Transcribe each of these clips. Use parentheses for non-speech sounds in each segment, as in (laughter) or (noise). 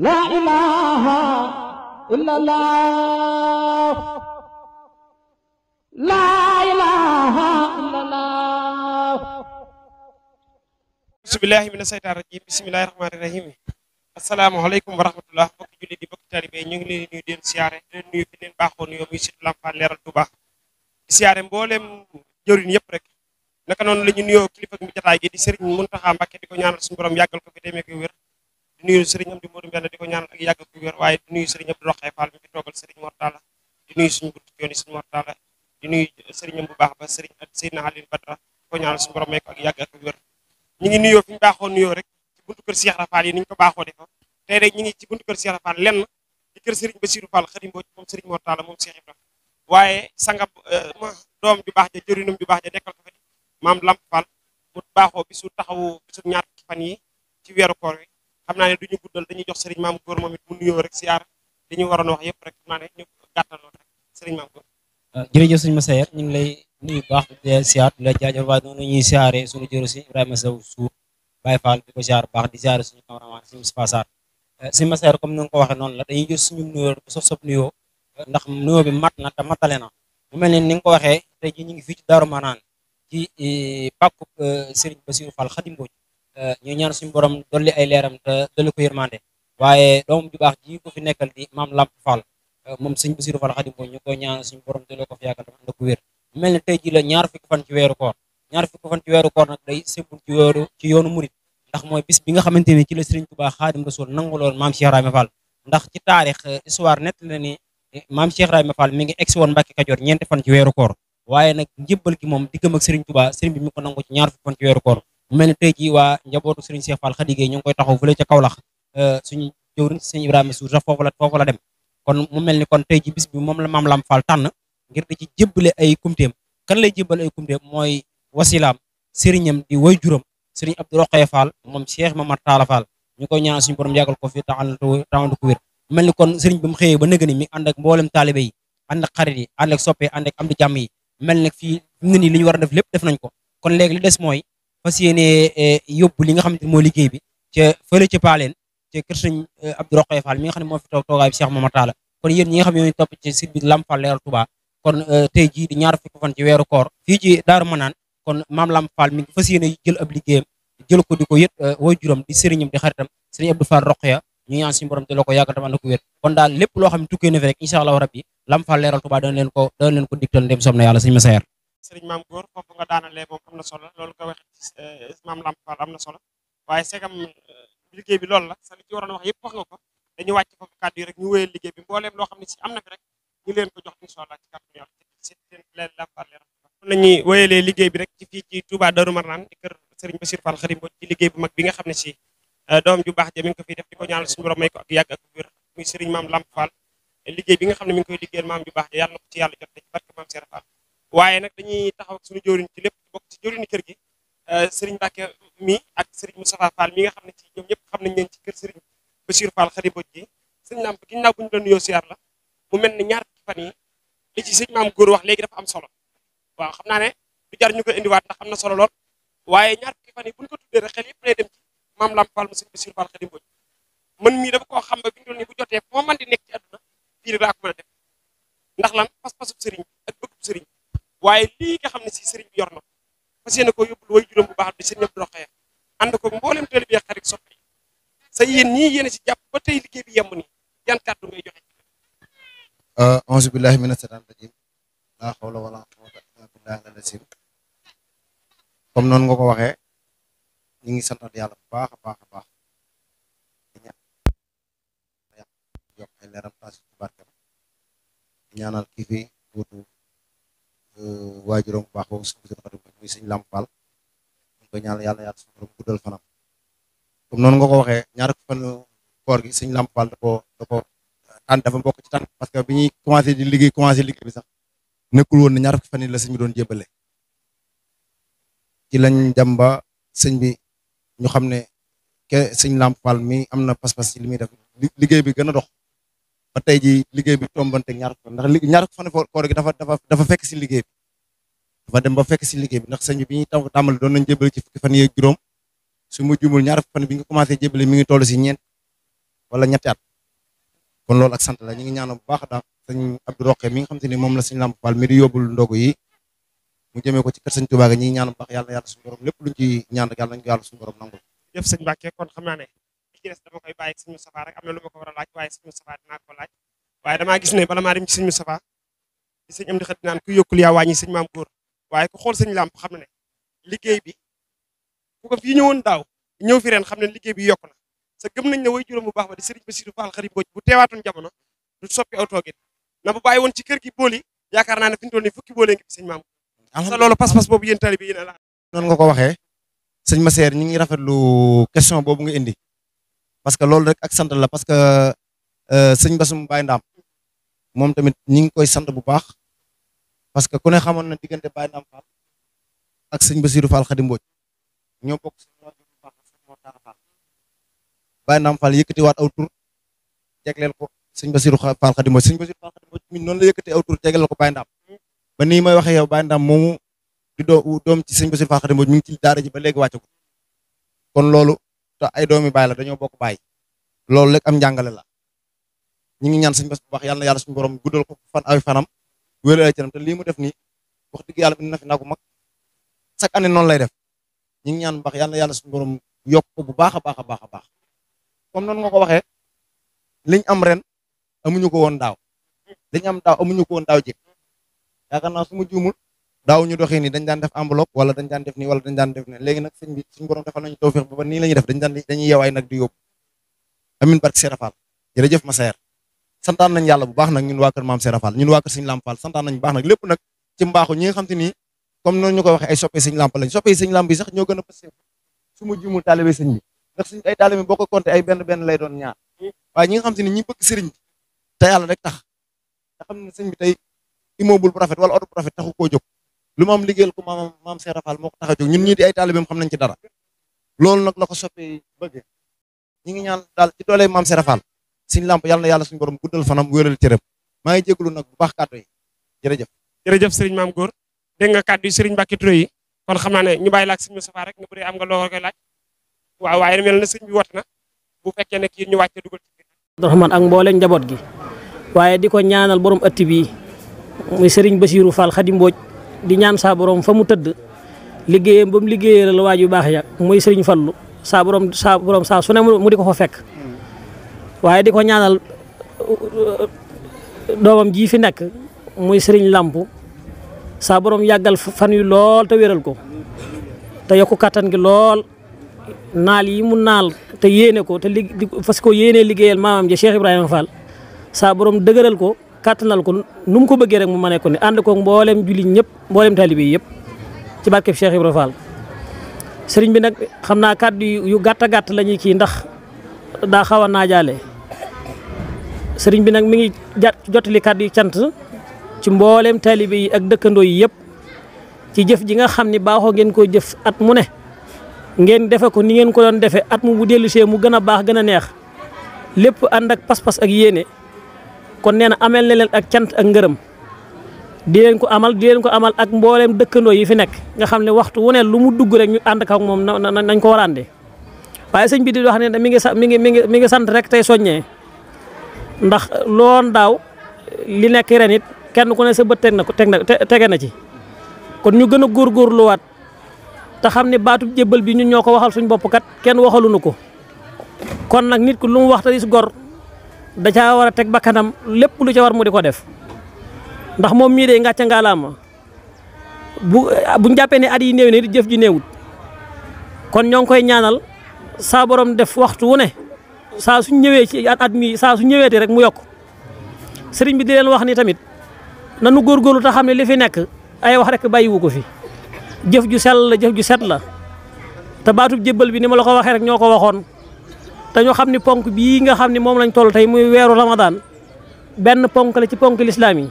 La ilaha illallah La ilaha illallah Bismillah ibn بسم الله من الشيطان الرجيم بسم الله الرحمن الرحيم السلام عليكم ورحمة الله di mbokk taalibe ñu ngi leen nuyu den siyaare den nuyu fi leen baaxoon yow mi ci Lampa Leral Touba di siyaare mboolem jëriñ yëpp rek naka noonu la kilifa mi jataay gi di Serigne Mountakha Mbacké di ko ñaanal suñu borom yàggal ko fi ko di nuyu sëriñ di Modou Mbène di ñaan ak yàgg ku wér waaye di nuyu sëriñ di Rokhaya fal mi fi toogal sëriñ Mortala di nuyu suñu gudd yoni yi sëriñ Mortala di nuyu sëriñam bu baax ba sëriñ ak Seydina Alioune Badara di ko ñaan suñu borom ak yag ak wér ñi ngi nuyu fiñ ñu nuyu rek ci buntu kër Cheikh Rafal yi ñu ko baaxoo defa tay rek ñi ngi ci buntu kër Cheikh Rafal len di kër sëriñ basirou Fall Khadim Mbodj moom sëriñ Mortala mom Cheikh Ibrahima waaye sangab doom ju baax ja jërinum ju baax ja dekkal ko fi mam Lamp Fall mu baaxoo bisu taxawu bisu ñaar fan yi ci weeru koor wi xam naa ne duñu guddal dañuy jox sëriñ maam góor moom it mu nuyoo rek siyaar li ñu waroon wax yëpp rek xam naa ne ñu gàttaloon rek sëriñ maam ah, ñu ngi lay nuyu baax di la siyaar di la jaajëfal waaye ñuy siyaaree suñu jëru si Ibrahima Sow suuf Baye Fall di siyaar baax di siyaare suñu cameraman suñu Moustapha Sarr ah, sëriñ Massaer comme ni nga ko waxee noonu la dañuy jël suñu nuyoo ko sof sof nuyoo ndax nuyoo bi mat na te matale na mu mel ne ni nga ko waxee tey ji ñu ngi fii ci Daaru Manaan ci eh, pàkku eh, Sëriñ Bassirou Fall Khadim Mbodj Eh, ñu ñaan suñu borom dolli ay leeram te dolli ko yërmande waaye doomam ju baax ji ko fi nekkal di maam Lamp Fall eh, moom sëñ Bassirou Fall Xadim ñu ko ñaan suñu borom dolli ko fi yàggal dafa ànd ak wér mel la ñaar fukki fan ci weeru koor ñaar fukki ci weeru koor nag day sëmbul ci yoonu murit ndax mooy bis bi nga xamante ni ci la Sëriñ Tuubaa Xaadim Rasuul nangu loon maam Cheikh Ibrahima Fall ndax ci taarix eh, histoire nett la ni maam Cheikh Ibrahima Fall mi ngi egsi woon Mbàkke Kajoor ñeenti fan ci weeru koor waaye nag njëbbal gi moom diggam ak Sëriñ Tuubaa mi ko nangu mu mel ne tey jii waa njabootu Serigne Cheikh Fall Khady Gueye ñu ngi koy taxaw fële ca Kaolack euh, suñu jëwriñ Serigne Ibrahima foofu la foofu la dem kon mu mel ni kon tey jii bis bi moom la Maam Lam Fall tànn ngir di ci jébbale ay kumteem kan lay jébbale ay kumteem mooy wasilaam sëriñam di way juram Serigne Abdou Rokhaya Fall moom Cheikh Mamar Talla Fall ñu koy ñaanal suñu borom yàggal ko fi taxantu taxantu ku wér mel ni kon Serigne bi mu xëyee ba nëgg ni mi ànd ak mboolem taalibe yi ànd ak xarit yi ànd ak soppe ànd ak am di jàmm yi mel ni fii mu ne li ñu war a def lépp def nañ ko kon léegi li des mooy fas yéene eh, yóbbu li nga xamante mo liggey bi ci feele ci palen ci keur seigne eh, Abdou rokhay Fall mi nga xamni mo fi toog toogaay Cheikh mamata la kon yeen ñi nga xam ne top ci site bi lam Fall Leeral Touba kon eh, tay ji di ñaar fukk fan ci wéru koor fi ci Daaru manan kon mam lam Fall mi ngi fas yéene jël ab liggéeyam jël ko di yett yët waajuram di serignum di xaritam serigne Abdou Fall rokhay ñu ñaan suñu borom te lako ko dama tam ànd kon daal lepp lo xamni ne na fi rek inshallah rabbi lam Fall Leeral Touba dañ leen ko dañ leen ko diktal ndem somna yalla serigne sëñ sëriñ maam góor foofu nga daanalee moom am na solo lolou ko waxe eh, mam maam Lamp Fall solo waye segam eh, liggey bi lolou la sa li ci waron wax yëpp wax nga ko dañu wacc foofu kàddu yi rek ñu wéyal liggey bi mbooleem lo xamni ci amna am fi rek ñu leen ko jox incha allah ci kaddu yàlla ci seen leen Lampal leeral kon nañuy wéyalee liggéey bi rek ci fi ci Touba daru marnan ci kër serigne Bassir Fall Xadim bo ci liggey bu mag bi nga xamni ci eh, doom ju bax je mi ngi ko fi def di ko ñaanal suñu borom may ko ak yag ak wér muy serigne mam Lamp Fall liggéey bi nga xamni mi ngi koy liggéeyal mam ju bax je yalla ko ci yalla jot ci barke mam serigne Fall waye nak dañuy taxaw ak suñu jorign ci lepp bok ci jorign kër gi euh, serigne Mbacke mi ak serigne Moustapha Fall mi nga xamne ci ñom ñëpp xam ñeen ci kër serigne Bachir Fall Khady Mbodj serigne sëriñ Lamp ginnaaw bu ñu la nuyoo la mu melni ñaar fan yi li ci serigne maam goor wax legi dafa am solo waaw xamna ne du jar ñu ko indiwaat ndax xamna na solo lool waye ñaar fan yi bu ko tudde rek xel lay dem ci maam Lamp Fall serigne sëriñ Fall Khady Mbodj man mi dafa ko xam ba bi ñu doon ni bu jotté fo man di nekk ci aduna fi rek ko def ndax lan pass passu serigne ak bëggub serigne waye li nga xamni ci serigne bi yor fasiyene ko yobul way juróom bu baax bi serigne bi Rokhaya and ko mbolem tele bi xarit soppi sa yeen ni yene ci japp ba tay liggéey bi yamuni nii yan kàddu ngay joxe onzu euh, billahi mina seytaan rajim la hawla wala quwwata illa billahi al comme non nga ko waxee ni ngi santat yalla bu baax baax baax a yo ay leeram ci barkam ñaanal kii fi wutu waajuram bu baax boobu suñu bisatu xarit muy suñu làmpal ñu koy ñaan yàlla yàlla suñu borom guddal fanam kum non nga ko waxee ñaar fan koor gi suñu lampal dako dako da dafa bokk ci tan parce que bi ñuy di liggéey commencé liggéey bi sax ne ñaar fukki fan la sëñ bi doon jébale ci lañ bi ñu ne ke sëñ lampal mi amna pas-pas ci li Ligi def liggéey bi gën dox ba tay ji liggey bi tombante ñaar ko ndax ñaar ko fan dafa dafa dafa fekk ci liggey bi dafa dem ba fekk ci liggey bi ndax sëñ bi ñi taw tamal doon nañ jébale ci fukki fan yeek juroom su mu jumul ñaar fan bi nga commencé jébale mi ngi toll ci ñeen wala ñetti at kon lool ak sant la ñi ngi ñaanu bu baax daal señ Abdou Roqe mi nga xam ni ne moom la señ lamb Fall mi di yobul ndogu yi mu jëme ko ci kër señ Touba nga ñi ñaanu bu baax yalla yalla suñu borom lepp luñ ci ñaan rek yalla ñu yalla suñu borom nangul jëf señ Mbacke kon xam naa ci des dama koy bàyyi sëñ Moustapha rek am na lu ma ko war a laaj waaye sëñ Moustapha dinaa ko laaj maa dem ci sëñ Moustapha di sëñ am di xat naan ku yokkul yaa wàññi sëñ maam góor waaye ku xool sëñ bi ku ko fii ñëwoon daaw ñëw fi xam ne liggéey bi yokk na sa gëm nañ bu baax ba di sëriñ Bassirou Fall Khary Mbodj bu teewaatoon woon ci kër gi booli yaakaar naa ne fi ñu toll nii fukki boolee ngi fi sëñ maam sa loolu pas-pas boobu yéen ko waxee sëñ Masseer ñi ngi rafetlu question boobu nga indi parce que loolu rek ak sant la parce que euh, sëñ Bassum Baye Ndam tamit ñi ngi koy sant bu baax parce que ku ne xamoon na diggante Baye Ndam Fall ak sëñ Bassirou Fall Khady Mbodj ñoo bokk sëñ Baye Ndam ko sëñ Bassirou Fall Khady Mbodj sëñ Bassirou Fall Khady Mbodj mi la yëkkati aw tur ko Baye Ndam ba nii may waxee yow Baye Ndam moomu di doo doom ci sëñ Bassirou mi ngi ci daara ba léegi wàcce kon loolu te ay doomi bay la dañoo bokk bay loolu rek am jangale la ñi ngi ñaan señ bass bu baax yalla yalla suñu borom guddal ko fan ay fanam wéeru ay te lii mu def ni wax dëgg yalla indi na fi nagu mag chaque année noonu lay def ñi ngi ñaan bu baax yalla yalla suñu borom yok ko bu baaxa baaxa baaxa baax comme non nga ko waxee liñ am ren amuñu ko won daw liñ am daw amuñu ko won daw jik yaakaar naa su ma daw ñu doxé ni dañ dan def enveloppe wala dañ dan def ni wala dañ dan def ni légui nak sëñ bi suñu borom defal nañu tawfiq ba ni lañu def dañ dan dañuy yeewaay nak di yob amin barke Serafal jef ma ser santan nañ yalla bu baax nak ñun wa kër maam Serafal ñun wa kër sëñ lampal santan nañ baax nak lepp nak ci mbaxu ñi nga xam ni comme non ñu ko waxee ay soppé sëñ lampal lañ soppé sëñ Lamp yi sax ño gëna passé su jimu talibé taalibe sëñ bi ay talibé boko konté ay benn benn lay doon ñaar wa ñi nga xam ni ñi bëgg sëriñ bi te yàlla rek tax te xam bi tay immobile prophète wala oto prophète taxu ko jox lu mam liggéeyal ko mam mam Seera Fall moo ko di ay taalibeem xam nañ ci dara loolu nag la ko soppee dal ñi ngi ñaan daal ci doole maam Seera Fall suñ fanam wéral cerem. Mai ngi jégalu nak bu baax kàddu yi jërëjëf jërëjëf sëriñ mam góor dégg nga kàddu yi sëriñ Mbacke yi kon xam naa ne ñu bàyyi laaj sëriñ Moustapha rek ne bu am nga loo laaj waaw mel na na bu fekkee ne kii ñu wàcce dugal ci Abdourahmane ak mbooleeg gi waaye di ko ñaanal borom ëtt bi muy sëriñ Basirou Fall di ñaan sa borom fa mu tëdd liggéeyam bam liggéeyal waaj yu ya muy serigne fallu sa borom sa borom sa su mu diko fa fekk waye di ñaanal doomam ji fi nek muy serigne làmp sa borom yagal fan yu lol te wéral ko te yokku katan gi lol nal yi mu nal te yene ko te fas ko yene liggéeyal mamam je Cheikh ibrahim Fall sa borom ko kàttanal ko nu ko bëggee rek mu mënee ko ni ànd koog mboolem julli ñëpp mboolem taalibe yëpp ci barkeb Cheikh Ibra Fall sëriñ bi nag xam naa kàddu yu gàtt gàtt la ñuy ndax daa xaw a naajaale sëriñ bi nag mi ngi jotali kàddu yu cant ci mbooleem taalibe yi ak dëkkandoo yi yëpp ci jëf ji nga xam ni baaxoo ngeen koo jëf at mu ne ngeen defe ko ni ngeen ko doon defee at mu bu dellusee mu gën a baax gën a neex lépp ànd ak pas-pas ak yéene. kon neena amel ne len ak cant ak ngeureum di len ko amal di len ko amal ak mbooleem dëkkandoo yi fi nek nga xamne waxtu wone lu mu dugg rek ñu and ak mom nañ ko warande waye àndee bi di wax ne mi ngi mi ngi mi ngi sante rek tay soñe ndax loon daw li nek renit kenn ku ne sa beut tek na ko teg na tege na ci kon ñu gor gor lu wat ta xamne batu jébbal bi ñun ñoko waxal suñ bop kat kenn waxalu nuko kon nak nit ku lu mu wax gor da ca wara tek bakanam lepp lu ca war mu diko def ndax mom mi de ngàcca ngalam bu jappé ne at yi néew ne di ji néewut kon ñong koy ñaanal sa borom def waxtu wu ne sa su ñëwee ci at mi sa su ñëweete rek mu yok sëriñ bi di leen wax ni tamit nanu gor te ta ne li fi nek ay wax rek bayiwu ko fi def ju sel la ju set la ta baatub jebal bi ni ma la ko rek ñoko dañu xam ni ponk bi nga xamni mom lañ tollu tay muy wéru ramadan benn ponk la ci ponk l'islam yi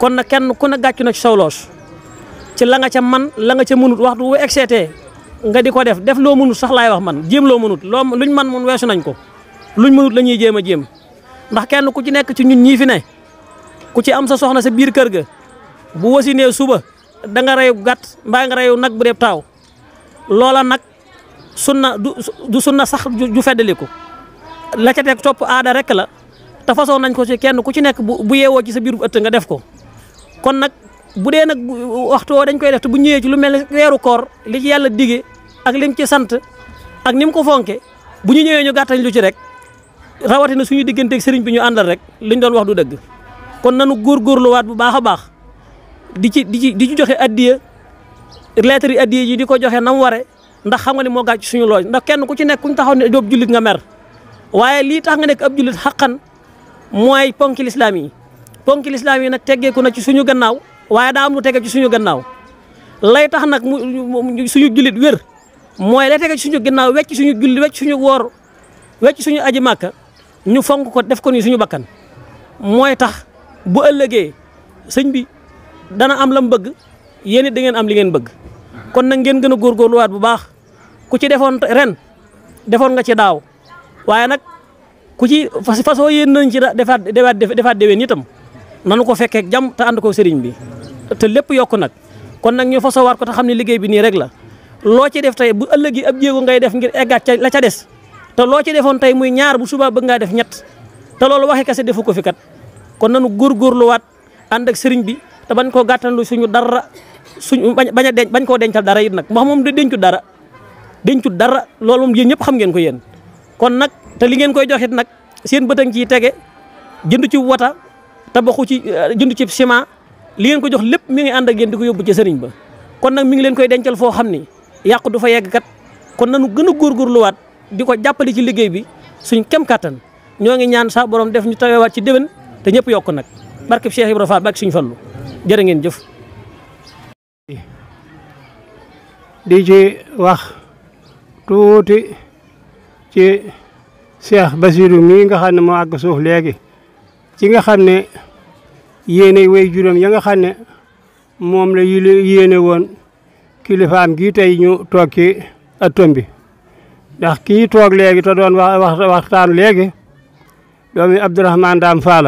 kon na kenn ku na ci saw loos ci la nga ca man la nga ca mënut waxtu wu nga di def def lo mënut sax lay wax man jëm lo mënut luñ man mun wéssu nañ ko luñ mënut la jëma jëm ndax kenn ku ci nekk ci ñun ñi fi ne ku ci am sa soxna sa biir kër ga bu wasinee suba da nga rayu gat mbaa nga rayu nak bu taw loola nak sunna du du sunna sax ju feddaliku la ca tek top aada rek la ta façon nañ ko ci kenn ku ci nek bu bu ci sa biiru eut nga def ko kon nak budé nak waxtu dañ koy def bu ñëwee ci lu mel wéru koor li ci yalla diggé ak lim ci sant ak nim ko fonké bu ñu ñëwee ñu gattañ lu ci rek na suñu ak sëriñ bi ñu andal rek liñ doon wax du dëgg kon nanu góorgóorluwaat bu baax a baax di ci di ci di ci joxé addiya lettre addiya ji di ko nam waré ndax xam nga ne moo gàcc suñu looj ndax kenn ku ci nekk kuñ taxaw ne doob jullit nga mer waaye lii tax nga nekk ab jullit xaqan mooy ponk lislaam yi ponki na yi nag teggeeku na ci suñu gannaaw waaye daa am lu tege suñu gannaaw lay tax nag mu suñu jullit wér mooy lay tege suñu gannaaw wecc suñu julli wecc suñu woor wecc suñu aji màkka ñu fonk ko def ko ni suñu bakkan mooy tax bu ëllëgee sëñ bi dana am lam bëgg yéen it da ngeen am li ngeen bëgg kon nag ngeen gën a góorgóorluwaat bu baax ku ci defoon ren defoon nga ci daaw waaye nag ku ci façon yéen nañ ci defaat defaat defaat déwén itam nanu ko fekkee jàmm te ànd ko sëriñ bi te lépp yokk nag kon nag ñu fasowaat ko te xam ne liggéey bi nii rek la loo ci def tey bu ëllëgi ab jéego ngay def ngir eggaat ca la ca des te loo ci defoon tey muy ñaar bu subaa bëgg ngaa def ñett te loolu waxe kese defu ko fi kat kon nanu góorgóorluwaat ànd ak sëriñ bi te bañ koo gàttanlu suñu dara suñu bañ a denc bañ koo dencal dara it nag wax moom du dencu dara dencut dara loolu moom yéen ñëpp xam ngeen ko yéen kon nag te li ngeen koy joxit nag seen bëtëng ciy tege jënd ci wata tabaxu ci euh, jënd ci ciment li ngeen ko jox lépp mu ngi ànd ak yéen di ko yóbbu ci sëriñ ba kon nag mi ngi leen koy dencal foo xam ni yàqu du fa yegg kat kon na nanu gën a góorgóorluwaat di ko jàppale ci liggéey bi suñ kem kàttan ñoo ngi ñaan sa borom def ñu waat ci déwén te ñëpp yokk nag barkeb Cheikh Ibra Fall barke suñ fallu jërë tuuti ci Cheikh Basirou mii nga xam ne moo àgg suuf léegi ci nga xam ne yéene way juróom ya nga xam ne moom la yéene woon kilifaam gii tey ñu toog ci atom bi ndax kii toog léegi te doon wax waxtaan léegi doomi Abdourahmane Dame Fall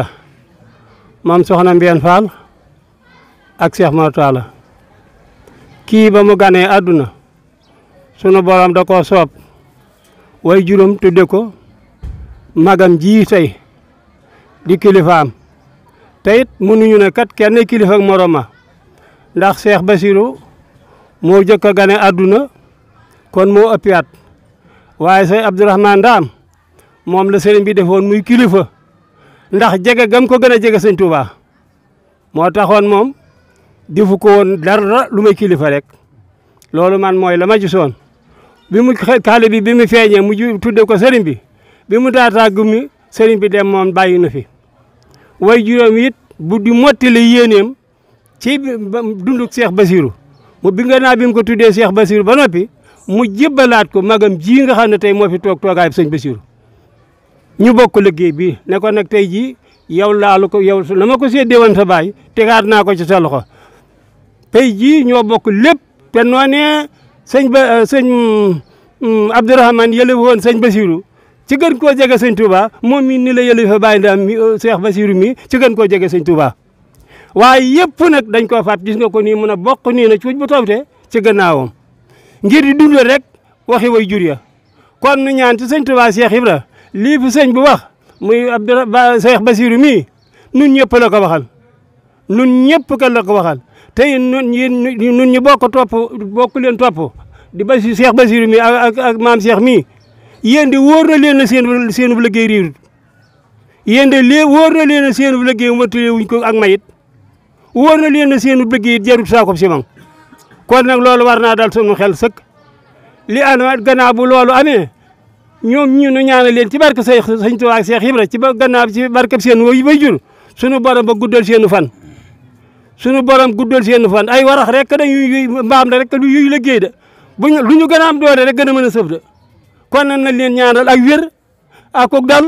moom soxna Mbène Fall ak Cheikh Mor Talla kii ba mu ganee àdduna sunu borom da koo soob way juróom tudde ko magam ji tey di kilifaam te it mënuñu ne kat kenn kilifa ak moroma ndax Cheikh Basirou moo jëkk a gane àdduna kon moo ëppi at waaye say Abdourahmane Ndaam moom la sëriñ bi defoon muy kilifa ndax jege gam ko gën a jege sëñ Touba moo taxoon moom defu ko woon dara lu may kilifa rek loolu man mooy la ma gisoon bi mu xale bi bi mu feeñee mu tudde ko sëriñ bi bi mu taataa gummi sëriñ bi dem moom bàyyi na fi way juróom it bu di mottali yéeneem ci dunduk Cheikh basiru mu bi nga naa bi mu ko tuddee seex Basirou ba noppi mu jébbalaat ko magam ji nga xam ne tey moo fi toog toogaay sëñ basiru ñu bokk liggéey bi ne ko nag tey jii yow laalu ko yow na ma ko séddee woon sa baay tegaat naa ko ci sa loxo tey jii ñoo bokk lépp noonee sëñ ba euh, sëñ hmm, Abdourahmane yële woon sëñ Basiru ci gën koo jege sëñ Touba moom mi ni la yële fa bàyyi ndaam mi euh, Basiru mi ci gën koo jege sëñ Touba waaye yëpp nag dañ koo faat gis nga ko nii mun a bokk nii na cuuj bu tawte ci gannaawam ngir di dundal rek waxi way jur kon nu ñaan ci sëñ Touba Cheikh Ibra lii fi sëñ bu wax muy Abdourahmane Cheikh Basiru mi nun ñëpp la ko waxal nun ñëpp kan la ko waxal te ñun ñun ñu bokk topp bokk leen topp di ba si Cheikh Basirou mi ak ak maam Cheikh mii yéen woor na leen na seen seen bu liggéey réerut yéen de lee wóor na leen na seen wu ma matale wuñ ko ak mayit woor na leen na seen bu liggéey jarut saako si man kon nag loolu war naa dal sunu xel sëkk li ànd gannaaw bu loolu amee ñoom ñu nu ñaanal leen ci barke say sëñ a ak Cheikh Ibra ci ba gannaaw ci barke yi way jur sunu borom ba guddal seenu fan. sunu borom guddal seen fan ay warax rek dañuy mbaam rek lu yuy liggéey da buñ lu ñu gën a am doole rek gën a mën a sëf da kon nañ leen ñaanal ak wér ak ko dal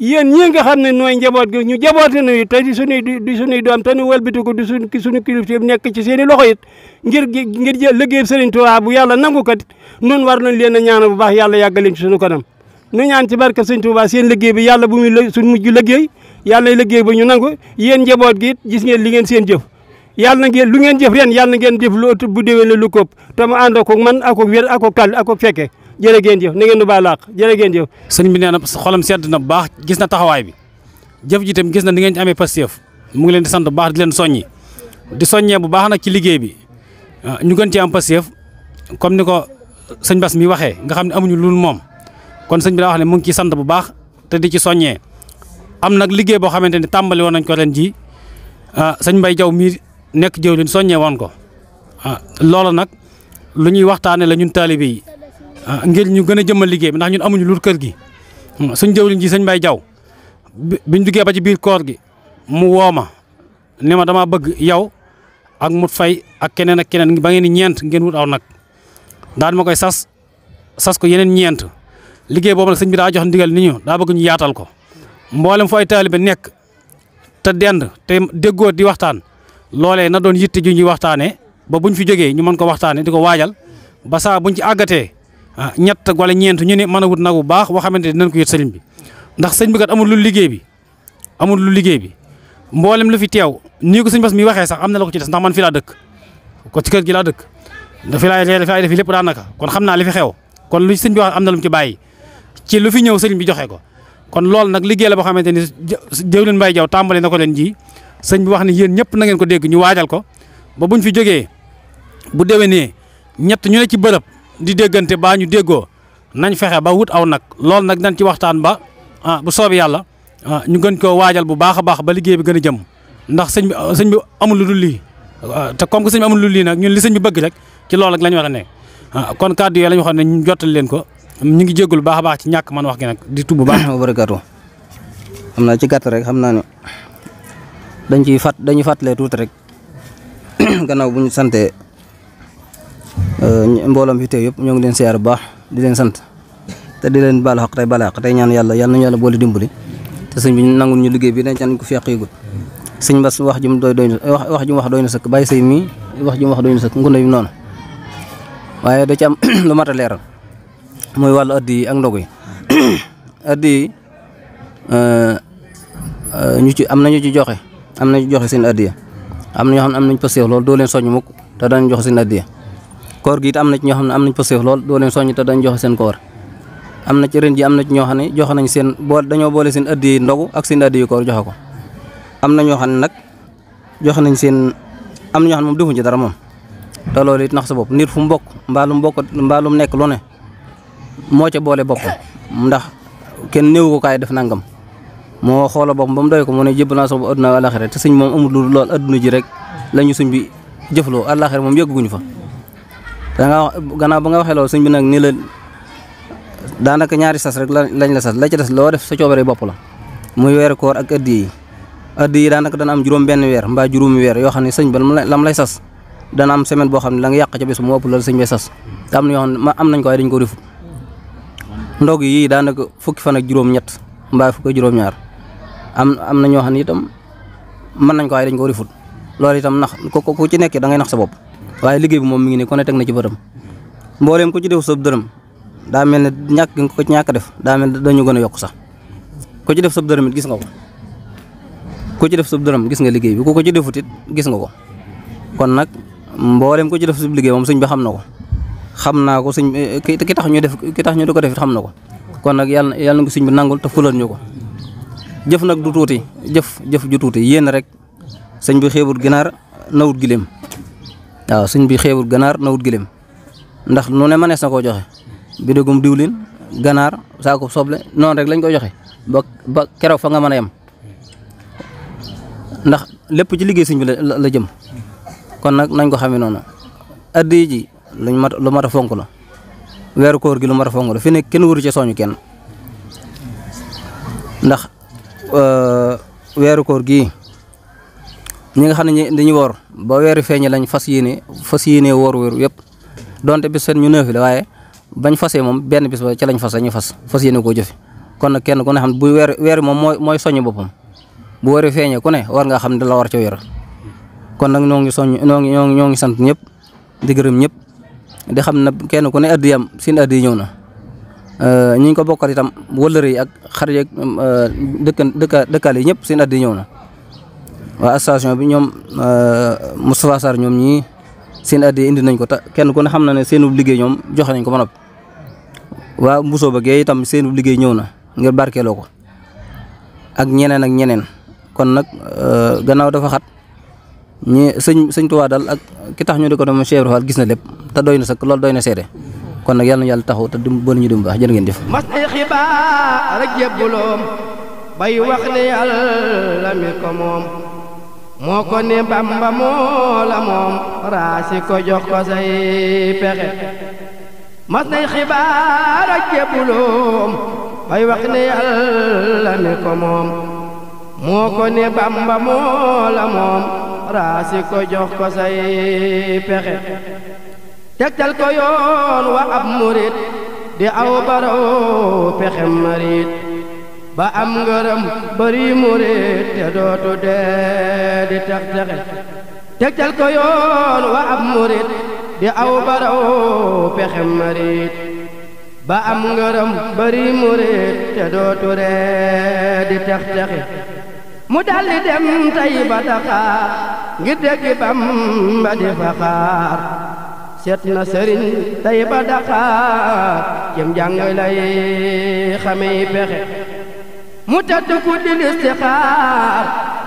yéen ñii nga xam ne nooy njaboot gi ñu jaboote nuyu te di suñuy di suñuy doom te nu walbiti ko di suñ suñu kilifteef nekk ci seen i loxo it ngir ngir jël liggéey Sëriñ Tuubaa bu yàlla nangu kat nun war nañ leen a bu baax yàlla yàggaleen ci suñu kanam nu ñaan ci barke Sëriñ Tuubaa seen bi yàlla bu muy suñ mujj liggéey yàlla liggéey ba ñu nangu yéen njaboot gi it gis ngeen li ngeen seen jëf yal na ngeen lu ngeen jëf ren yàlla na ngeen def lu ëtt bu déwénee lu këpp te mu ànd ak man ak ak wér fekke jërë ngeen jëf na ngeen baa baal jëre àq jërë ngeen jëf. sëñ bi nee na xolam sedd na baax gis na taxawaay bi jëf ji tam gis na ni ngeen ci amee Pastef mu ngi leen di sant bu baax di leen soññi di soñee bu baax nag ci liggéey bi ah, ñu gën ci am Pastef comme ni ko sëñ Bass mi waxee nga xam ne amuñu lu moom kon sëñ bi daa wax ne mu ngi ci sant bu baax te di ci soññee am nag liggéey boo xamante ne tàmbali woon nañ ko leen ji ah, sëñ Mbaye Diaw mii nekk jëwlin soññee woon ko ah nag lu ñuy waxtaanee la ñun taalibe yi ah, ngir ñu gën a jëmmal liggéey bi ndax ñun amuñu lu kër gi hmm, suñ jëwlin ji sëñ Mbaye Diaw biñ duggee ba ci biir koor gi mu wooma ne ma dama bëgg yow ak mut fay ak keneen ak keneen ba ngeen ñeent ngeen wut aw nag daal ma koy sas sas ko yeneen ñeent liggéey boobu nag sëñ bi daa jox ndigal ni ñu daa bëgg ñu yaatal ko mboolem fu ay taalibe nekk te dend te déggoo di waxtaan loole na doon yitte ju ñuy waxtaanee ba buñ fi jógee ñu mën ko waxtaanee di ko waajal ba saa buñ ci àggatee ah, ñett wala ñeent ñu ne mën a wut nag bu baax boo xamante ne dinañ ko yët sëriñ bi ndax sëñ bi kat amul lu liggéey bi amul lu liggéey bi mboolem lu fi teew nii ko sëñ Bass mi waxee sax am na la ko ci des ndax man fi laa dëkk ko ci kër gi laa dëkk dafi laay reer def lépp daanaka kon xam naa li fi xew kon lu sëñ bi wax am na lu mu ci bàyyi ci lu fi ñëw sëriñ bi joxe ko kon loolu nag liggéey la boo xamante ni jëwlin bay Diaw tàmbali na ko leen ji sëñ bi wax ni yéen ñëpp na ngeen ko dégg ñu waajal ko ba bu ñu fi jógee bu déwénee ñett ñu ne ci bërëb di déggante baa ñu déggoo nañ fexe ba wut aw nag loolu nag dañ ci waxtaan ba ah bu soobee yàlla ah, ñu gën koo waajal bu baax a baax ba liggéey bi gën a jëm ndax sëñ bi sëñ bi amul lu dul lii ah, te comme que sëñ bi amul lu dul lii nag ñun li sëñ bi bëgg rek ci lool rek lañu ñu war nekk ah, kon kàddu yi la ñu waxoon ne ñu jottali leen ko ñu ngi jégalu baax baax ci ñàkk man wax gi nag di tubb baax. (coughs) wa barakaatu xam naa ci gàtt rek xam naa ne dañ ciy fàtt dañuy fàttalee tuuti rek (coughs) gannaaw bu ñu santee euh, mbooloom fi teew yëpp ñoo ngi leen siyaar bu baax di leen sant te di leen baal xaq tey baal xaq tey ñaan yàlla yan nañu yàlla boole dimbali te sëñ nangu nangul ñu liggéey bi dañ caan ko feq yëgul sëñ Bass wax jum doy doy wax wax jum wax doy na sëkk bay say mi wax jum wax doy na sëkk ngunda bi noonu waaye da ci am (coughs) lu mat a leeral mooy wàllu addi yi ak ndogu yi (coughs) addi yi euh, euh, ñu ci am nañu ci joxe am nañu joxe seen addiya am na ñoo xam am nañ pasteef lool doo leen soññ mukk te dañ joxe seen addiya koor gi it am na ci ñoo xam ne am nañ pasteef lool doo leen soññ te dañ joxe seen koor am na ci ren ji am na ci ñoo xam ne joxe nañ seen boo dañoo boole seen addiya ndogu ak seen addiya koor joxe ko am na ñoo xam ne nag joxe nañ seen am na ñoo xam ne moom dara moom te loolu it nax sa bopp nit fu mu bokk mbaalum bokk mbaalum nekk lu ne moo ca boole boppam ndax kenn néew ko kaay def nangam moo xoola boppam ba mu ko mu ne jëbbal naa sama adduna àlaxira te sëñ moom amul lool adduna ji rek la ñu sëñ bi jëfloo àlaxira moom yëg yëgguñu fa da nga ba nga waxee lool sëñ bi nag ni la daanaka ñaari sas rek lañ la sas la ci des loo def sa coobare bopp la muy weeru koor ak addi yi addi yi daanaka dana am juróom benn weer mbaa juróomi weer yoo xam ne sëñ ba lam lay sas dana am semaine boo xam ne la nga yàq ca bés mu ëpp loolu sëñ bay sas te am nañ ko waaye dañ ko rifut ndog yi daanaka fukki fan ak juróom-ñett mbaa fukki juróom-ñaar am na ñoo xam ne itam mën nañ ko waaye dañ ko fut loolu itam nax ku ku ci nekkee da ngay nax sa bopp waaye liggéey bi moom mi ngi ne ku a teg ci bëtam mbooleem ku ci def sa dërëm daa mel ne ñàkk ko ci ñàkk def daa mel ne dañu gën a yokk sax ku ci def sa dërëm gis nga ko ku ci def sa dërëm gis nga liggéey bi ko ko ci defut it gis nga ko kon nag mbooleem ko ci def sa liggéey moom suñ bi xam na ko xam naa ko sëñ eh, ki ki tax ñu def ki tax ñu di ko def it xam na ko kon nag yàlla yàlla na ko sëñ bi nangul te fulal ñu ko jëf nag du tuuti jëf jëf ju tuuti yéen rek sëñ bi xeebut ginaar nawut gileem waaw sëñ bi xeebut ganaar nawut gileem ndax nu ne mënees na koo joxe bi dégum diwlin ganaar saako soble noonu rek lañ koy joxe ba ba keroog fa nga mën a yem ndax lépp ci liggéey sëñ bi la jëm kon nag nañ ko xamee noonu addi ji luñ mat lu mat a fonk la weeru koor gi lu mat a fonk la fi nekk kenn wuru ci soñu kenn ndax euh, weeru koor gi ñi nga ba weeru feeñe lañ fas yéene fas yéene woor wéeru yep. donte bis seen ñu neuf la waaye bañ fasee moom benn bis ba ci lañ fas lañu fas fas yéene koo jëfe kon nag kenn ku ne xam bu weer weer moom mooy mooy soñu boppam bu weeru feeñee ku ne war nga xam ne la war ca weer kon nag ñoo ngi soññ ñoo sant di gërëm di xam na kenn ku ne addiyam seen addiy ñëw na euh, ñi ngi ko bokkal itam wëllëre ak xar yeeg euh, dëkkan dëkkaale yi ñëpp seen addiy ñëw na waa station bi ñoom euh, Moustapha Sarr ñoom ñii seen addiy indi nañ ko ta kenn ku ne xam na ne seenub liggéey ñoom joxe nañ ko ba noppi waa Mbuso ba gee itam seenub liggéey ñëw na ngir barkeeloo ko ak ñeneen ak ñeneen kon nag gannaaw dafa xat ñi sëñ sëñ Tuubaa daal ak ki tax ñu di ko doon Cheikh Ibrahima gis na lépp te doy na sëkk lool doy na seede kon nag yàlla na yàlla taxaw te dim boole ñu dim baax jërë ngeen jëf mas ay xibaar ak jébbuloom bay wax ne yàlla la moom raasi ko jox ko mi ko moom moo ko ne Bàmba moo la moom raasi ko jox ko say pexe tegtal ko yoon wa ab murit di aw baraw pexe marit ba am ngërëm bari murit te dootu dee di tax texe tegtal ko yoon wa ab murit di aw baraw pexe marit ba am ngërëm bari murit te dootu dee di tax texe mu daldi dem Tayba Dakar ngir déggi Bamba di fa xaar na sëriñ Tayba Dakar cim jàng lay xamey pexe mu tëdd ku di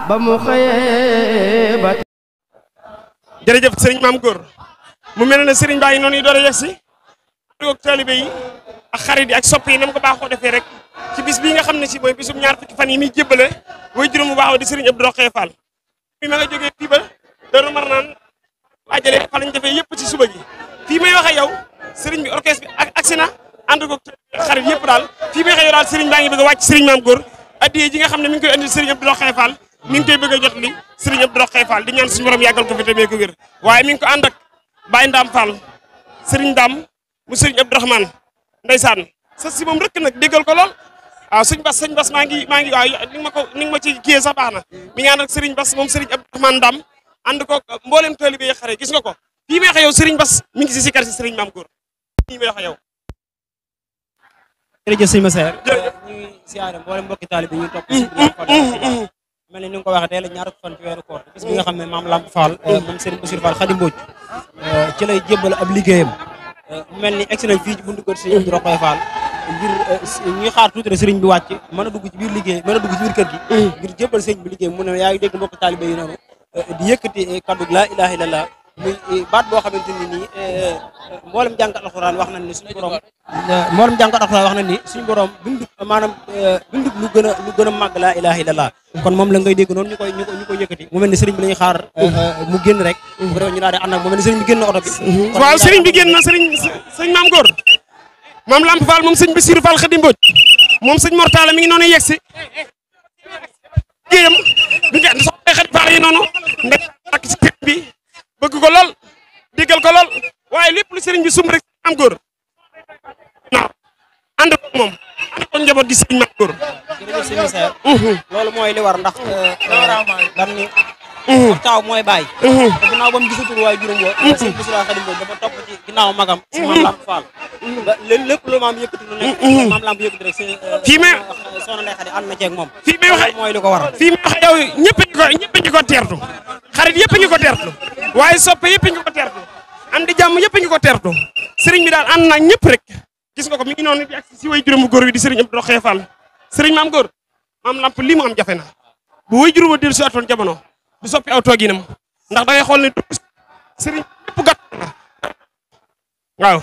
ba mu xëyee ba jërëjëf sëriñ maam góor mu mel ne sëriñ baa ngi noonu yi doon a ak taalibe yi ak xarit yi ak sopp yi nam ko baaxoo defee rek ci bis bi nga xamne ci si bisum ñaar fukki fan yi mi jébbale way juroom bu baax di Serigne Abdou Rokhaya Fall ma nga jógee fii ba mar nan wajale fa lañ defé yépp ci suba gi fi may waxe yow Serigne bi orchestre bi ak agsi na ko xarit yépp dal fi may xey dal Serigne bangi bëgg wacc Serigne mam gor addiye ji nga xamne mi ngi koy andi Serigne Abdou Rokhaya mi ngi koy bëgg jot li Serigne Abdou Rokhaya di ñaan suñu borom yagal ko fi tebe ko wër waye mi ngi ko ànd ak Baye Ndam Fall Serigne Ndam mu Serigne Abdou Rahman ndaysan sa si rek nak deggal ko lol waaw ah, suñ bas suñ bas mangi mangi, maa ngi waaw ni ma ci kiyee mi ak Bas moom Serigne Abdourahmane Ndam ànd ko mboolem taalibe xare gis nga ko fii may wax yow Bas mi ngi si si kar si Serigne Maam Góor may wax yow jërëjëf sëñ Massaer ñu ngi siyaare mboolem mbokki ñu topp mm-hmm, mm-hmm, mm-hmm. mel ni ko waxee tey la ñaar fan ci weeru koor bis bi nga xam ne maam Fall eh, moom Fall eh, ci lay ab liggéeyam eh, ci Fall ngir eh, ñuy xaar tuuti rek bi wàcc mën a dugg ci biir liggéey mën a dugg ci biir kër gi mm. ngir jébbal sëriñ bi liggéey mu ne yaa ngi dégg mbokk taalibe yi noonu eh, di yëkkati eh, kaddu laa ilaha illallah muy baat boo xamante ni nii mboolem jàngat wax nañ ni suñu borom mboolem jàngat alxuraan wax nañ ni suñ borom bindu maanaam bindu lu gën a lu gën a màgg laa ilaha illallah kon moom la ngay dégg noonu ñu koy ñu koy ñu mu mel ni sëriñ bi lañu xaar mm-hmm. mu génn rek bu ñu daal di ànd ak mu mel ni sëriñ bi génn oto bi mm-hmm. waaw sëriñ bi génn na sëriñ mom Lamp Fall mom seigne bissir Fall khadim Mbodj mom seigne Mortala mi ngi noonu yegg gem du ngi so Xadim Fall yi noonu ndax ak ci tepp bi bëgg ko lol digal ko lol waye lepp lu seigne bi sum rek am góor waaw ànd ko ko njaboot gi sëriñ ma góor jërëjëf li war ndax euh, ni gisatul dafa ci magam si Lamp lépp lu maam yëkkati lu nekk maam lamb yëkkati rek euh, euh, moom fii may waxe mooy lu ko waral fii may waxe yow ñëpp ñu ko ñëpp ñu xarit yëpp ñu ko teertu waaye soppe yëpp ñu ko teertu am di jàmm yëpp ñu ko teertu sëriñ bi daal ànd na ñëpp rek gis nga ko mi ngi noonu di ak si way juróomu góor wi di sëriñ Abdou Rokhaya Fall sëriñ maam góor maam lamp lii mu am jafe na bu way juróoma dellu si atoon jamono du soppi aw tooginam ndax da ngay xool ne du sëriñ ñëpp gàtt waaw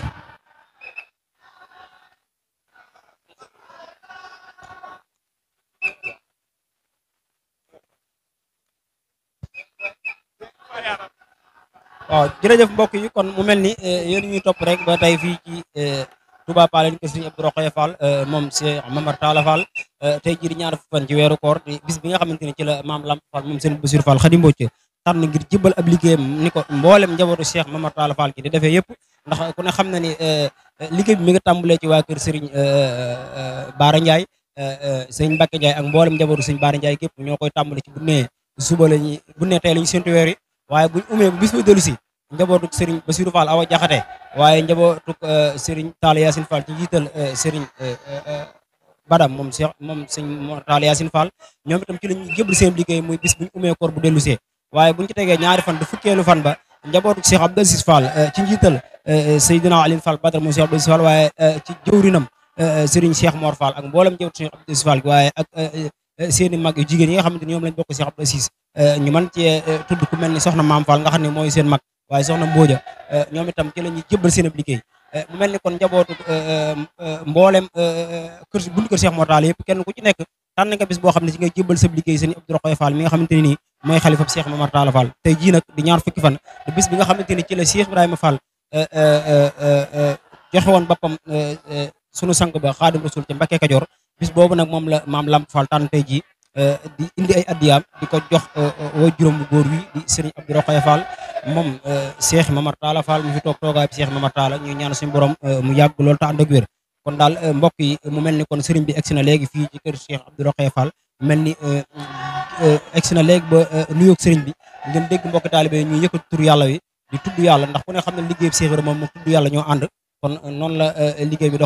waaw jërëjëf mbokk yi kon mu mel ni eh, yéen ñuy topp rek ba tey fii ci eh, Touba Palen ko Serigne Abdou Rokhaya Fall eh, moom Cheikh Mamar Talla Fall tey jii ñaar fan ci weeru koor bis bi nga xamante ni ci la maam Lamp Fall moom seen Bassirou Fall Khady Mbodj tànn ngir jëbal ab liggéeyam ni ko mboolem njabootu Cheikh Mamar Talla Fall ki di defee yëpp ndax ku ne xam na ni liggéey bi mi nga tàmbalee ci waa kër Serigne Baara Ndiaye sëñ Mbacke Ndiaye ak mboolem njabootu sëñ Baara Ndiaye képp ñoo koy tàmbale ci bu nee suba lañu bu nee tey lañu séntu weer yi waaye buñ umee bu bis ba dellu si njabootu Serigne Bassirou Fall Awa Jaxate waaye njabootu euh, Serigne Talla Yacine Fall ci jiital euh, Serigne euh, Badam moom Cheikh moom Serigne Talla Yacine Fall ñoom itam ci lañu jëbal seen liggéey muy bis buñ umee koor bu dellu see buñ ci tegee ñaari fan du fukkeelu fan ba njabootu Cheikh Abdou Aziz Fall ci njiital Seydina Aline Fall Badar moom Cheikh Abdou Aziz Fall waaye ci jëwrinam Serigne Cheikh ak mboolem njabootu Cheikh Abdou seeni mag yu jigéen yi nga xamante ni ñoom lañ bokk Cheikh Abdou Assis ñu man ci tudd ku mel ni soxna Maam Fall nga xam ne mooy seen mag waaye soxna Mbooja ñoom itam ci lañu jébbal seen ab liggéey mu mel ni kon njabootu mboolem kër buñu kër Cheikh Mortalla yëpp kenn ku ci nekk tànn nga bis boo xam ne ci nga jébbal sa liggéey seen Abdou Rokhaya Fall mi nga xamante ni nii mooy xalifab Cheikh Mortalla Fall tey jii nag di ñaar fukki fan di bis bi nga xamante ni ci la Cheikh Ibrahima Fall joxe woon boppam sunu sang ba Xaadim Rasul ci Mbakke Kajoor bis boobu nag moom la maam Lamp Fall tànn tey jii euh, di indi ay addiyaam di ko jox euh, euh, waa juróom bu góor wi di sëriñ Abdou Rokhaya Fall moom Cheikh Mamar Talla Fall mu fi toog toogaay seex Cheikh Mamar Talla ñuy ñaan suñu borom mu yàgg lool te ànd ak kon daal mbokk yi mu mel ni kon sëriñ bi egsi na léegi fii ci kër Cheikh Abdou Rokhaya Fall mel ni egsi na léegi ba nuyoog sëriñ bi ngeen dégg mbokk taalibe ñuy yëkkati tur yàlla wi di tudd yàlla ndax ku ne xam ne liggéey Cheikh moom moom tudd yàlla ñoo ànd kon noonu la liggéey bi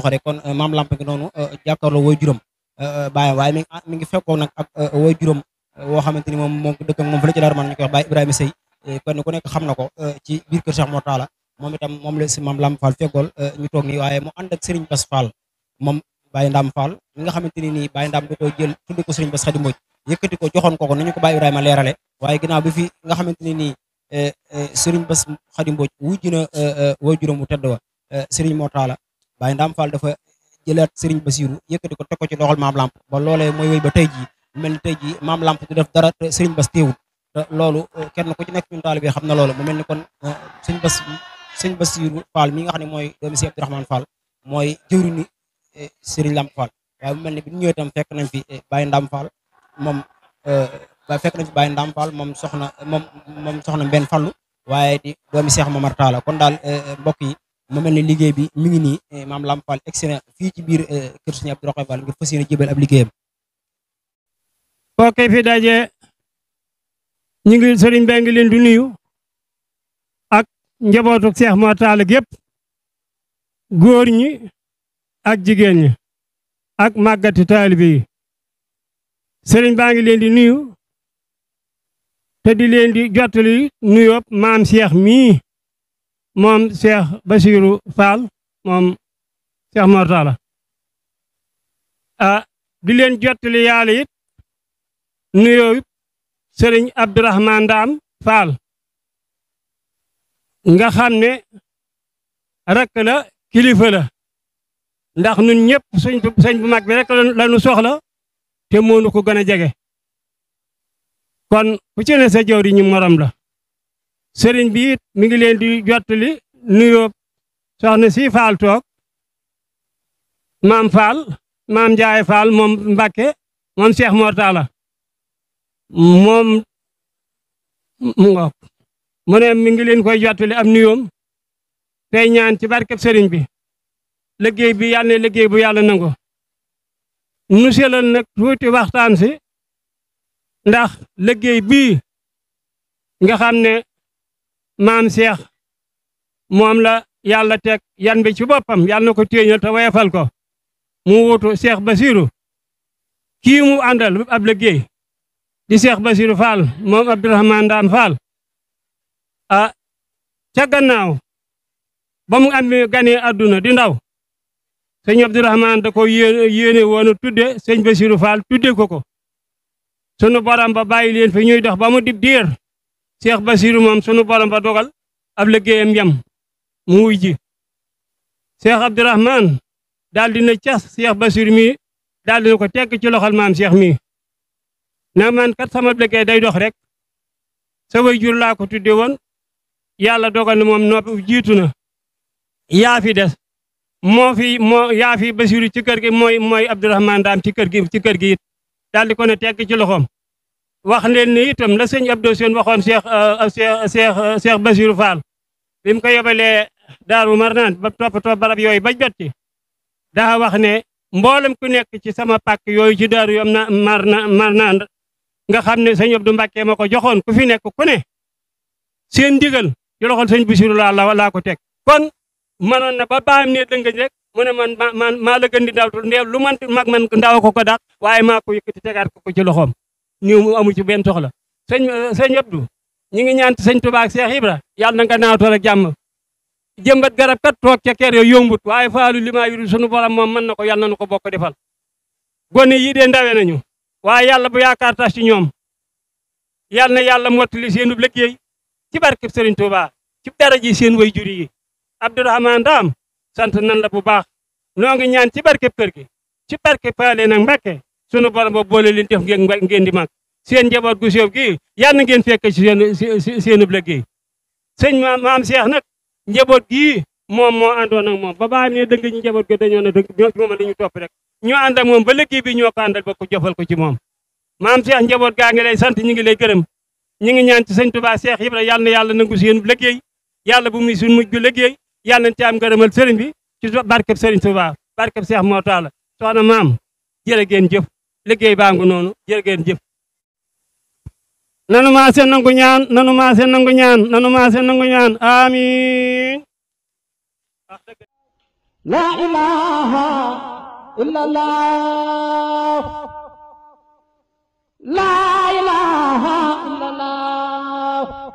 Euh, baayam waaye mi ah, mi ngi fekkoon nag ak euh, way juróom euh, woo xamante ni moom moom dëkk moom fële ci Daaru Marnaan ñu koy Sey kenn ku nekk xam na ko ci biir kër Cheikh Mor Talla moom itam moom la si maam Lam Fall feggool ñu toog nii waaye mu ànd ak Serigne Bass Fall moom Ndam Fall mi nga xamante ni nii Baye Ndam da ko jël tudd ko Serigne Bass Khady Mbodj yëkkati ko joxoon ko ko nañu ko Baay Ibrahima leerale waaye ginnaaw bi fi nga xamante ni nii Serigne Bass Khady Mbodj wujj na way juróom wu tedd wa Serigne Mor Talla Ndam Fall dafa jëlaat Serigne Bassirou yëkkati ko teg ko ci loxol maam lamp ba loolee mooy wéy ba tey jii mel ni tey jii maam lamp du def dara te Serigne Bass teewul te loolu uh, kenn ku ci nekk ñun taalibe xam na loolu mu mel ni kon uh, sëñ Bass sëñ Bassirou Fall mi nga xam ne mooy doomi Sëriñ Abdourahmane Fall mooy jëwriñu uh, Serigne Lamp Fall mel ni bi ñëwee tam fekk nañ fi Baye Ndam moom waaye fekk nañ fi Baye Ndam moom soxna moom soxna Mbène Fallu waaye di doomi seex Momar Talla kon daal mbokk yi mu mel liggéey bi mi ngi nii eh, maam Lamp Fall fii ci biir eh, kër Serigne Abdou Rokhaya Fall ngir fas yéene jébal ab fi daje ñu ngi sëriñ baa ngi leen di nuyu ak njabootu Seex Mor Talla yëpp góor ñi ak jigéen ñi ak màggati taalibe yi sëriñ baa ngi leen di nuyu te di leen di jottali nuyoo maam Seex mii. moom Cheikh Bachirou Fall moom Cheikh Mor Talla ah di leen jottali yàlla it nuyoo Serigne Abdourahmane Ndaam nga xam ne rakk la kilifa la ndax nun ñëpp sëñ sëñ bu mag bi rek la soxla te mënu ko gën a jege kon ku ci ne sa jawriñu morom la sëriñ bi it mi ngi leen di jottali nuyoo soxna si Faal toog maam Faal maam Njaay Faal moom Mbàkke moom Cheikh Mortala moom mu ngoog mu mi ngi leen koy jottali am nuyoom tey ñaan ci barkeb sëriñ bi liggéey bi yàlla ne liggéey bu yàlla nango nu selal nag tuuti waxtaan si ndax liggéey bii nga xam ne maam Cheikh moom la yàlla teg yan bi ci boppam yàlla na ko téeñal te wayefal ko mu wutu Cheikh Basirou kii mu àndal ab liggéey di Cheikh Basirou Fall moom Abdourahmane Daan Fall ah ca gannaaw ba mu amee ganee adduna di ndaw sëñ Abdourahmane da ko yéene yéene woon a tudde sëñ Basirou Fall tudde ko ko sunu borom ba bàyyi leen fi ñuy dox ba mu dib diir Cheikh Basiru moom sunu borom ba dogal ab liggéeyam yam mu wuy ji Cheikh Abdourahman daal dina cas Cheikh Basiru mi daldi dina ko tekk ci loxol maam Cheikh mi na man kat sama liggéey day dox rek sa way jur laa ko tudde woon yàlla dogal na moom noppi jiitu na yaa fi des moo fi moo yaa fi ci kër gi mooy mooy Abdourahman daam ci kër gi ci kër gi it daal ko ne tekk ci loxoom wax leen ni itam la sëñ do Sène waxoon Cheikh euh, Cheikh euh, Cheikh Basirou Fall bi mu ko yebalee Daaru Marnaan ba toppatoo barab yooyu ba jot ci daa wax ne mboolem ku nekk ci sama pàkk yooyu ci Daaru yom na Marna Marnaan nga xam ne sëñ Abdou Mbàkke ma ko joxoon ku fi nekk ku ne seen ndigal ci loxol sëñ Basirou laa laa ko teg. kon mënoon na ba baam ne dëngëj rek mu ne man maa maa la gën di ndaw lu man mag man ndaw ko ko dàq waaye maa ko yëkkati tegaat ko ci loxoom. ñu amu ci benn soxla sëñ euh, sëñ Abdou ñu ngi ñaan sëñ tubaak ak Seex Ibra yàlla na nga naawtal ak jàmm jëmbat garab kat toog ca kër yooyu yombut waaye faalu li maa yuru sunu borom moom mën na ko yàlla na ko bokk defal gone yii de ndawe nañu waaye yàlla bu yaakaar tas ci ñoom yàlla na yàlla mottali seen ub liggéey ci barkeb sëriñ Tuubaa ci dara ji seen way juri yi Abdourahmane Daam sant nan la bu baax noo ngi ñaan ci barkeb kër gi ci barkeb Paale nag Mbàkke sunu borom ba boole leen def ngeen ngeen di mag seen njaboot gu soof gi yàlla na ngeen fekk ci seen seen liggéey sëñ maam maam Cheikh nag njaboot gii moom moo àndoon ak moom ba baax ne dëgg ñu njaboot gi dañoo ne dëgg moom la ñu topp rek ñu ànd moom ba liggéey bi ñoo ko àndal ba ko jofal ko ci moom maam Cheikh njaboot gaa ngi lay sant ñu ngi lay gërëm ñu ngi ñaan ci sëñ Tuubaa Cheikh Ibra yàlla na yàlla nangu seen liggéey yàlla bu muy suñ mujj gu liggéey yàlla nañ ci am ngërëmal sëriñ bi ci barkeb sëriñ Tuubaa barkeb Cheikh moo taala soxna maam jërë ngeen jëf liggéey baa ngi noonu jërë ngeen jëf nanu maase nangu ñaan nanu maase nangu ñaan ñaan amiin la ilaha illallah